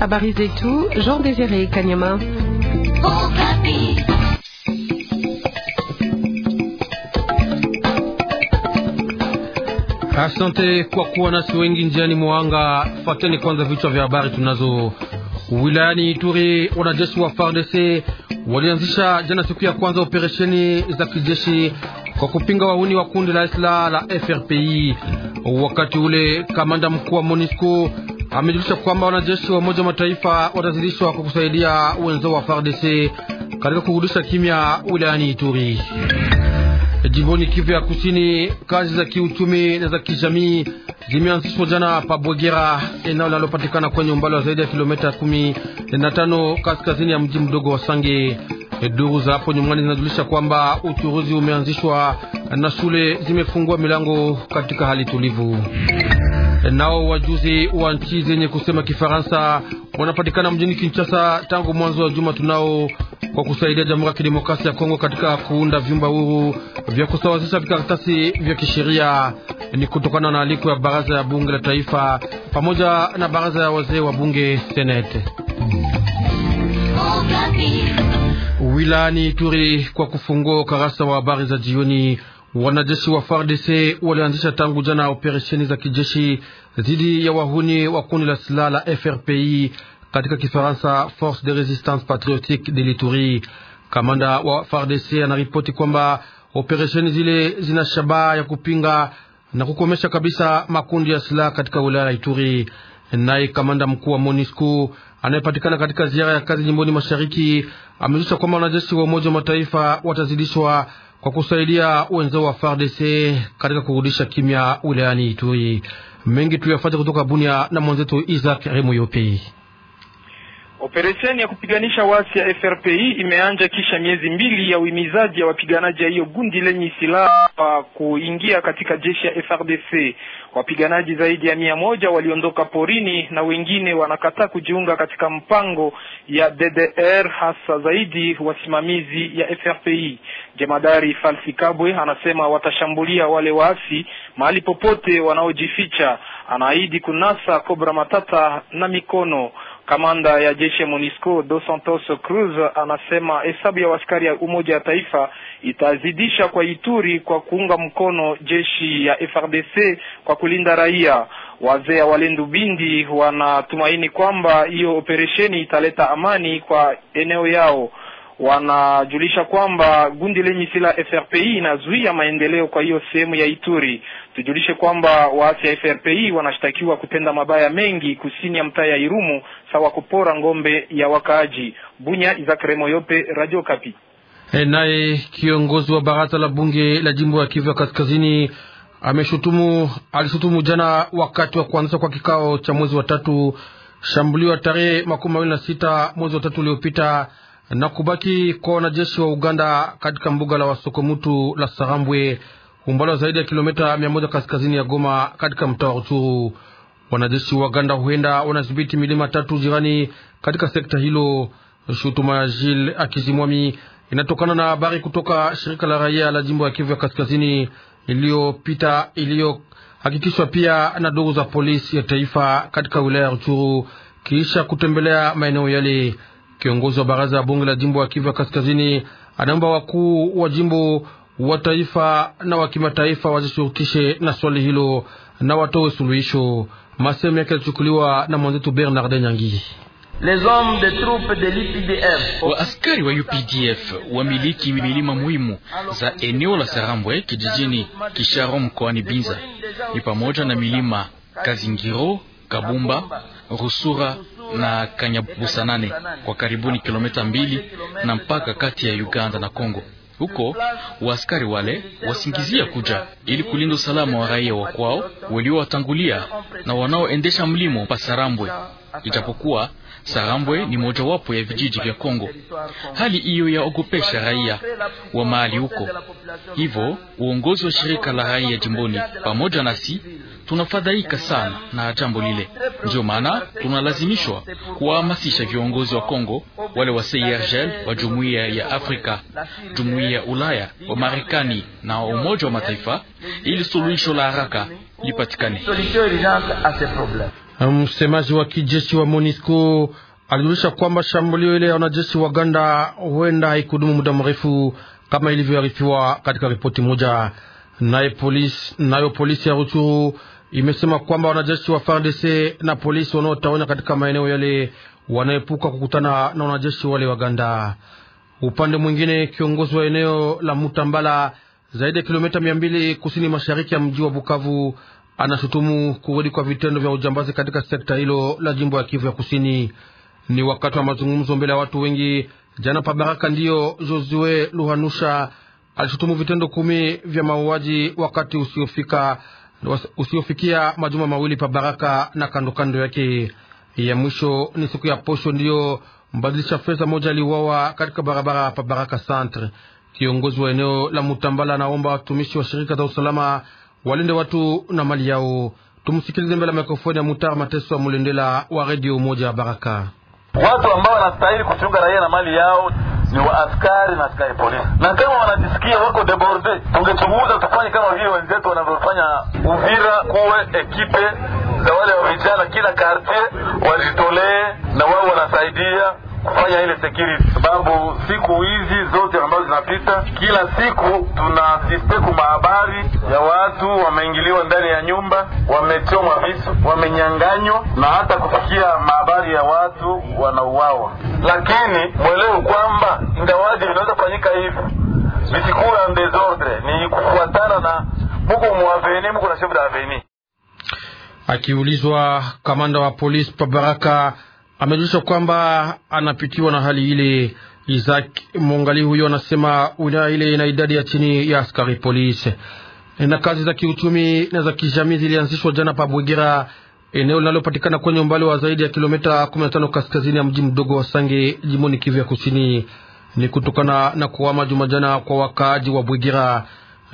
Habari zetu Jean Désiré Kanyama. Asante kwa kuwa nasi wengi njiani mwanga. Fateni kwanza vichwa vya habari tunazo. Wilayani Ituri, wanajeshi wa FARDC walianzisha jana siku ya kwanza operesheni za kijeshi kwa kupinga wahuni wa kundi la isla la FRPI Wakati ule kamanda mkuu wa MONUSCO amejulisha kwamba wanajeshi wa Umoja wa Mataifa watazidishwa kwa kusaidia wenzao wa FARDC katika kurudisha kimya wilayani Ituri. Jimboni Kivu ya Kusini, kazi za kiuchumi na za kijamii zimeanzishwa jana pa Bwegera, eneo linalopatikana kwenye umbali wa zaidi ya kilomita kumi na tano kaskazini ya mji mdogo wa Sange. Eh, Duru za hapo nyumbani zinajulisha kwamba uchunguzi umeanzishwa na shule zimefungua milango katika hali tulivu. Eh, nao wajuzi wa nchi zenye kusema Kifaransa wanapatikana mjini Kinshasa tangu mwanzo wa juma tunao kwa kusaidia Jamhuri ya Kidemokrasia ya Kongo katika kuunda vyumba huru vya kusawazisha vikaratasi vya kisheria. Eh, ni kutokana na aliko ya baraza ya bunge la taifa pamoja na baraza ya wazee wa bunge senete wilani Ituri kwa kufungua ukarasa wa habari za jioni, wanajeshi wa FARDC walianzisha tangu jana operesheni za kijeshi dhidi ya wahuni wa kundi la silaha la FRPI katika Kifaransa, Force de Resistance Patriotique de l'Ituri. Kamanda wa FARDC anaripoti kwamba operesheni zile zina shabaha ya kupinga na kukomesha kabisa makundi ya silaha katika wilaya ya Ituri. Naye kamanda mkuu wa MONUSCO anayepatikana katika ziara ya kazi jimboni mashariki amezusha kwamba wanajeshi wa Umoja wa Mataifa watazidishwa kwa kusaidia wenzao wa FARDC katika kurudisha kimya wilayani Ituri. Mengi tuyafata kutoka Bunia na mwenzetu Isaac Remuyope. Operesheni ya kupiganisha waasi ya FRPI imeanza kisha miezi mbili ya uhimizaji ya wapiganaji ya hiyo gundi lenye silaha pa kuingia katika jeshi ya FRDC. Wapiganaji zaidi ya mia moja waliondoka porini na wengine wanakataa kujiunga katika mpango ya DDR, hasa zaidi wasimamizi ya FRPI. Jemadari Falsi Kabwe anasema watashambulia wale waasi mahali popote wanaojificha. Anaahidi kunasa Kobra Matata na mikono Kamanda ya jeshi ya MONUSCO Dos Santos Cruz anasema hesabu ya askari ya Umoja wa Taifa itazidisha kwa Ituri kwa kuunga mkono jeshi ya FRDC kwa kulinda raia. Wazee ya Walendu Bindi wanatumaini kwamba hiyo operesheni italeta amani kwa eneo yao wanajulisha kwamba gundi lenye sila FRPI inazuia maendeleo kwa hiyo sehemu ya Ituri. Tujulishe kwamba waasi ya FRPI wanashtakiwa kutenda mabaya mengi kusini ya mtaa ya Irumu, sawa kupora ngombe ya wakaaji. Bunya, Izakremo Yope, Radio Kapi. Hey, naye kiongozi wa baraza la bunge la jimbo ya Kivu ya Kaskazini ameshutumu alishutumu jana wakati wa kuanzishwa kwa kikao cha mwezi wa tatu shambulio ya tarehe makumi mawili na sita mwezi wa tatu uliopita na kubaki kwa wanajeshi wa Uganda katika mbuga la Wasokomutu la Sarambwe, umbali wa zaidi ya kilomita mia moja kaskazini ya Goma, katika mtaa wa Ruchuru. Wanajeshi wa Uganda huenda wanadhibiti milima tatu jirani katika sekta hilo. Shutuma ya Jil Akizimwami inatokana na habari kutoka shirika la raia la jimbo ya Kivu ya kaskazini iliyopita iliyohakikishwa pia na ndugu za polisi ya taifa katika wilaya ya Ruchuru kisha kutembelea maeneo yale. Kiongozi wa baraza ya bunge la jimbo ya Kivu ya Kaskazini anaomba wakuu wa jimbo wa taifa na wa kimataifa wazishurutishe na swali hilo na watoe suluhisho. Masehemu yake yalichukuliwa na mwenzetu Bernard Nyangi. Waaskari wa UPDF wamiliki milima muhimu za eneo la Sarambwe kijijini Kisharo mkoani Binza, ni pamoja na milima Kazingiro, Kabumba, Rusura na Kanyabusa nane kwa karibuni kilomita mbili na mpaka kati ya Uganda na Kongo. Huko waaskari wale wasingizia kuja ili kulinda usalama wa raia wa kwao waliowatangulia na wanaoendesha mlimo pa Sarambwe, ijapokuwa Sarambwe ni mojawapo ya vijiji vya Kongo. Hali hiyo yaogopesha raia wa mahali huko, hivyo uongozi wa shirika la raia jimboni pamoja nasi tunafadhaika sana na jambo lile, Ndio maana tunalazimishwa kuwahamasisha viongozi wa Kongo, wale wa CIRGL, e wa jumuiya ya Afrika, jumuiya ya Ulaya, wa Marekani na wa Umoja wa Mataifa ili suluhisho la haraka lipatikane. Msemaji wa kijeshi wa MONUSCO alijulisha kwamba shambulio ile ya wanajeshi wa Uganda huenda haikudumu muda mrefu kama ilivyoarifiwa katika ripoti moja. Nayo polisi, nayo polisi ya Ruchuru imesema kwamba wanajeshi wa FARDC na polisi wanaotawanya katika maeneo yale wanaepuka kukutana na wanajeshi wale Waganda. Upande mwingine, kiongozi wa eneo la Mutambala, zaidi ya kilomita mia mbili kusini mashariki ya mji wa Bukavu, anashutumu kurudi kwa vitendo vya ujambazi katika sekta hilo la jimbo ya Kivu ya Kusini. Ni wakati wa mazungumzo mbele ya watu wengi jana pabaraka, ndiyo Josue Luhanusha alishutumu vitendo kumi vya mauaji wakati usiofika usiofikia majuma mawili pa Baraka na kandokando yake. Ya mwisho ni siku ya posho, ndiyo mbadilisha fedha moja aliuawa katika barabara pa Baraka Centre. Kiongozi wa eneo la Mutambala naomba watumishi wa shirika za usalama walinde watu na mali yao. Tumsikilize mbele ya mikrofoni ya Mutar Mateso wa Mulendela wa redio moja Baraka. Watu ambao wanastahili kuchunga raia na mali yao ni wa askari na askari polisi, na kama wanajisikia wako deborde, tungechunguza tufanye kama vile wenzetu wanavyofanya Uvira, kuwe ekipe za wale wa vijana kila kartie wajitolee na wao wanasaidia kufanya ile security, sababu siku hizi zote ambazo zinapita kila siku tunaasiste ku mahabari ya watu wameingiliwa ndani ya nyumba, wamechomwa visu, wamenyanganywa na hata kufikia mahabari ya watu wanauawa. Lakini mwelewe kwamba ingawaje vinaweza kufanyika hivyo visikuwa desordre, ni kufuatana na muko muaveni, muko na chef aveni. Akiulizwa kamanda wa polisi Pabaraka amejulisha kwamba anapitiwa na hali ile. Isaac Mongali huyo anasema wilaya ile ina idadi ya chini ya askari polisi, na kazi za kiuchumi na za kijamii zilianzishwa jana pa Bwegera, eneo linalopatikana kwenye umbali wa zaidi ya kilomita 15 kaskazini ya mji mdogo wa Sange, jimoni Kivu ya Kusini. Ni kutokana na kuhama juma jana kwa wakaaji wa Bwegera.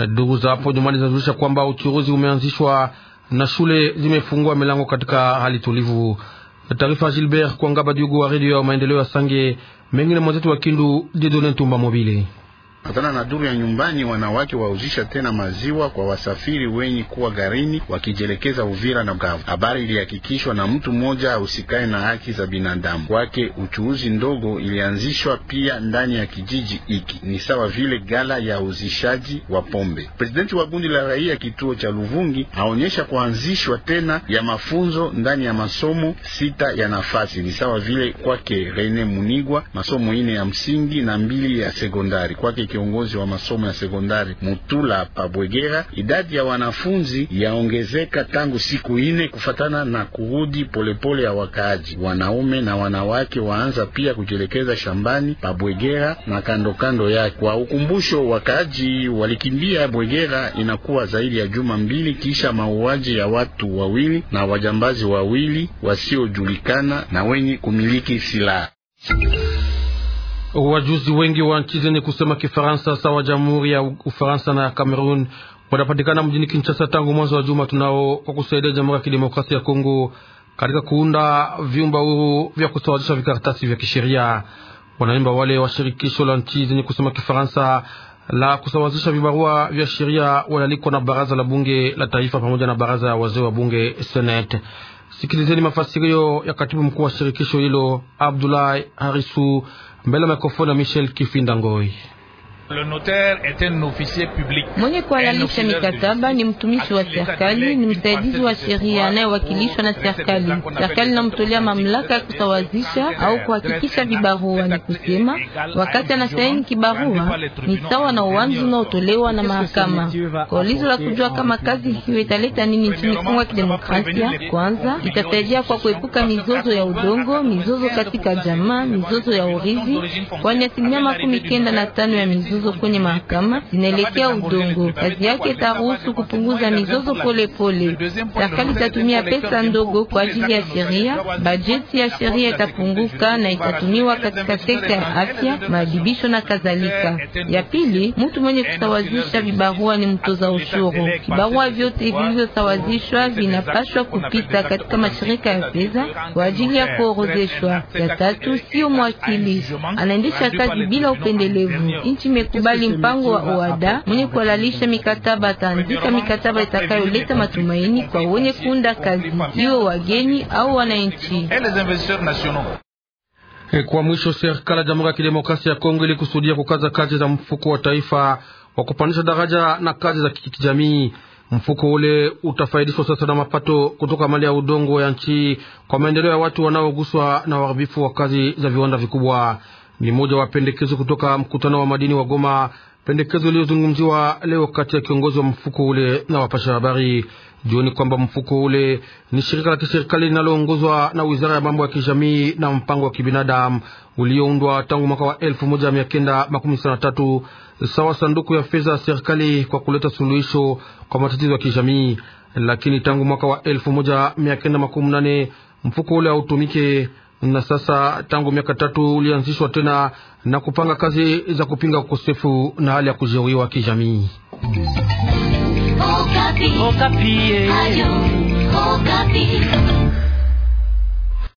Ndugu za hapo nyumbani zinajulisha kwamba uchuruzi umeanzishwa na shule zimefungua milango katika hali tulivu. Taarifa Gilbert Kwangaba Diugo wa redio ya maendeleo ya Sange, mengine mwenzetu wa Kindu Dieudonne Ntumba Mobile. Kutokana na duru ya nyumbani, wanawake wauzisha tena maziwa kwa wasafiri wenye kuwa garini wakijielekeza Uvira na Bukavu. Habari ilihakikishwa na mtu mmoja usikae na haki za binadamu kwake. Uchuuzi ndogo ilianzishwa pia ndani ya kijiji hiki, ni sawa vile gala ya uzishaji wa pombe. Presidenti wa kundi la raia kituo cha Luvungi aonyesha kuanzishwa tena ya mafunzo ndani ya masomo sita ya nafasi, ni sawa vile kwake Rene Munigwa masomo ine ya msingi na mbili ya sekondari kwake kiongozi wa masomo ya sekondari Mutula Pabwegera, idadi ya wanafunzi yaongezeka tangu siku ine kufatana na kurudi polepole ya wakaaji wanaume na wanawake waanza pia kujielekeza shambani pabwegera na kando kando yake. Kwa ukumbusho, wakaaji walikimbia Bwegera inakuwa zaidi ya juma mbili kisha mauaji ya watu wawili na wajambazi wawili wasiojulikana na wenye kumiliki silaha. Wajuzi wengi wa nchi zenye kusema Kifaransa sawa Jamhuri ya Ufaransa na cameron wanapatikana mjini Kinshasa tangu mwanzo wa juma tunao kwa kusaidia Jamhuri ya Kidemokrasia ya Kongo katika kuunda vyumba huru vya kusawazisha vikaratasi vya kisheria. Wanaimba wale wa shirikisho la nchi zenye kusema Kifaransa la kusawazisha vibarua vya sheria walalikwa na baraza la bunge la taifa pamoja na baraza ya wazee wa bunge Senate. Sikilizeni mafasirio ya katibu mkuu wa shirikisho hilo Abdulahi Harisu mbele ya mikrofoni ya Michel Kifinda Ngoi. Mwenye kuhalalisha mikataba ni mtumishi wa serikali, ni msaidizi wa sheria anayewakilishwa na serikali. Serikali inamtolea mamlaka ya kusawazisha au kuhakikisha vibarua. Ni kusema wakati anasaini kibarua ni sawa na uwanzi unaotolewa na mahakama. Kwa ulizo la kujua kama kazi hiyo italeta nini nchini Kongo ya Kidemokrasia, kwanza itasaidia kwa kuepuka mizozo ya udongo, mizozo katika jamaa, mizozo ya urithi, kwani asilimia makumi kenda na tano ya mizozo zilizo kwenye mahakama zinaelekea udongo. Kazi yake itaruhusu kupunguza mizozo polepole. Serikali itatumia pesa ndogo kwa ajili ya sheria, bajeti ya sheria itapunguka na itatumiwa katika sekta ya afya, maadibisho na kadhalika. Ya pili, mtu mwenye kusawazisha vibarua ni mtoza ushuru. Vibarua vyote vilivyosawazishwa vinapashwa kupita katika mashirika ya fedha kwa ajili ya kuorozeshwa. Ya tatu, sio mwakili anaendesha kazi bila upendelevu. Nchi kukubali mpango wa OADA mwenye kualalisha mikataba ataandika mikataba itakayoleta matumaini kwa wenye kuunda kazi, iwe wageni au wananchi. E, kwa mwisho, serikali ya Jamhuri ya Kidemokrasia ya Kongo ilikusudia kukaza kazi za mfuko wa taifa wa kupandisha daraja na kazi za kijamii. Mfuko ule utafaidishwa sasa na mapato kutoka mali ya udongo ya nchi kwa maendeleo ya watu wanaoguswa na uharibifu wa kazi za viwanda vikubwa ni moja wa pendekezo kutoka mkutano wa madini wa Goma, pendekezo iliyozungumziwa leo kati ya kiongozi wa mfuko ule na wapasha habari jioni kwamba mfuko ule ni shirika la kiserikali linaloongozwa na wizara ya mambo ya kijamii na mpango wa kibinadamu ulioundwa tangu mwaka wa 1993 sawa sanduku ya fedha ya serikali kwa kuleta suluhisho kwa matatizo ya kijamii. Lakini tangu mwaka wa 1918 mfuko ule hautumike na sasa tangu miaka tatu ulianzishwa tena na kupanga kazi za kupinga ukosefu na hali ya kujeruhiwa kijamii. Okapi. Okapi. Eh.